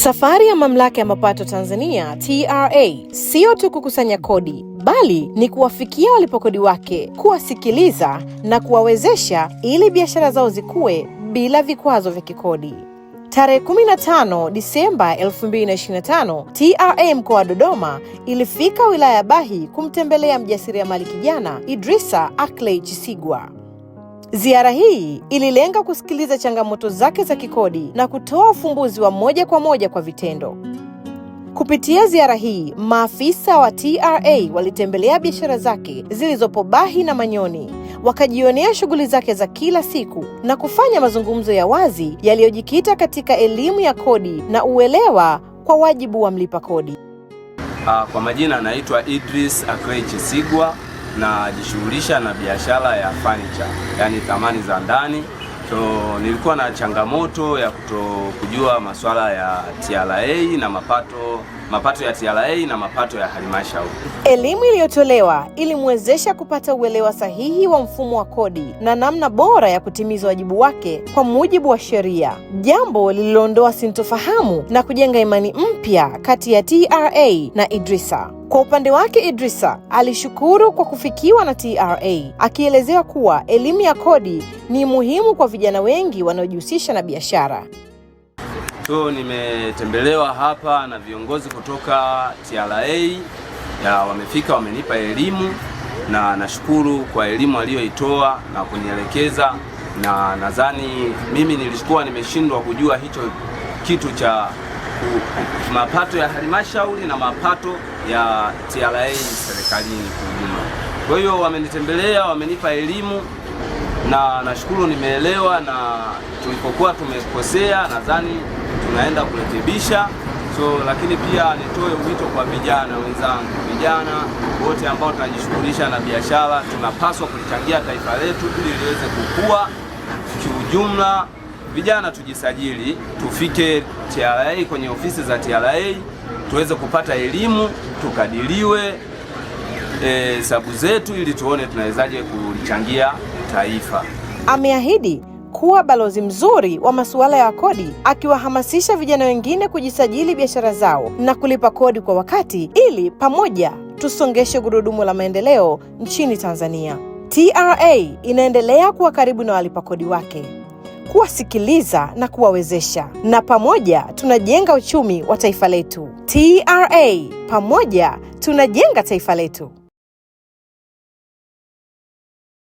Safari ya Mamlaka ya Mapato Tanzania TRA siyo tu kukusanya kodi bali ni kuwafikia walipokodi wake, kuwasikiliza na kuwawezesha ili biashara zao zikue bila vikwazo vya kikodi. Tarehe 15 Disemba 2025, TRA mkoa wa Dodoma ilifika wilaya ya Bahi kumtembelea mjasiriamali kijana Idrisa Akley Chisigwa. Ziara hii ililenga kusikiliza changamoto zake za kikodi na kutoa ufumbuzi wa moja kwa moja kwa vitendo. Kupitia ziara hii, maafisa wa TRA walitembelea biashara zake zilizopo Bahi na Manyoni, wakajionea shughuli zake za kila siku na kufanya mazungumzo ya wazi yaliyojikita katika elimu ya kodi na uelewa kwa wajibu wa mlipa kodi. Ah, kwa majina anaitwa Idris Akrechi Sigwa, najishughulisha na biashara ya furniture, yani thamani za ndani. So nilikuwa na changamoto ya kuto kujua masuala ya TRA na mapato mapato ya TRA na mapato ya halmashauri. Elimu iliyotolewa ilimwezesha kupata uelewa sahihi wa mfumo wa kodi na namna bora ya kutimiza wajibu wake kwa mujibu wa sheria, jambo lililoondoa sintofahamu na kujenga imani mpya kati ya TRA na Idrisa. Kwa upande wake Idrisa alishukuru kwa kufikiwa na TRA, akielezewa kuwa elimu ya kodi ni muhimu kwa vijana wengi wanaojihusisha na biashara. So nimetembelewa hapa na viongozi kutoka TRA ya wamefika, wamenipa elimu na nashukuru kwa elimu aliyoitoa na kunielekeza, na nadhani mimi nilikuwa nimeshindwa kujua hicho kitu cha mapato ya halmashauri na mapato ya TRA serikalini kwa ujumla. Kwa hiyo wamenitembelea, wamenipa elimu na nashukuru nimeelewa, na tulipokuwa tumekosea nadhani tunaenda kurekebisha. So lakini pia nitoe wito kwa vijana wenzangu, vijana wote ambao tunajishughulisha na biashara, tunapaswa kulichangia taifa letu ili liweze kukua kiujumla. Vijana tujisajili, tufike TRA kwenye ofisi za TRA tuweze kupata elimu, tukadiliwe e, hesabu zetu ili tuone tunawezaje kulichangia taifa. Ameahidi kuwa balozi mzuri wa masuala ya kodi, akiwahamasisha vijana wengine kujisajili biashara zao na kulipa kodi kwa wakati ili pamoja tusongeshe gurudumu la maendeleo nchini Tanzania. TRA inaendelea kuwa karibu na walipa kodi wake, kuwasikiliza na kuwawezesha, na pamoja tunajenga uchumi wa taifa letu. TRA, pamoja tunajenga taifa letu.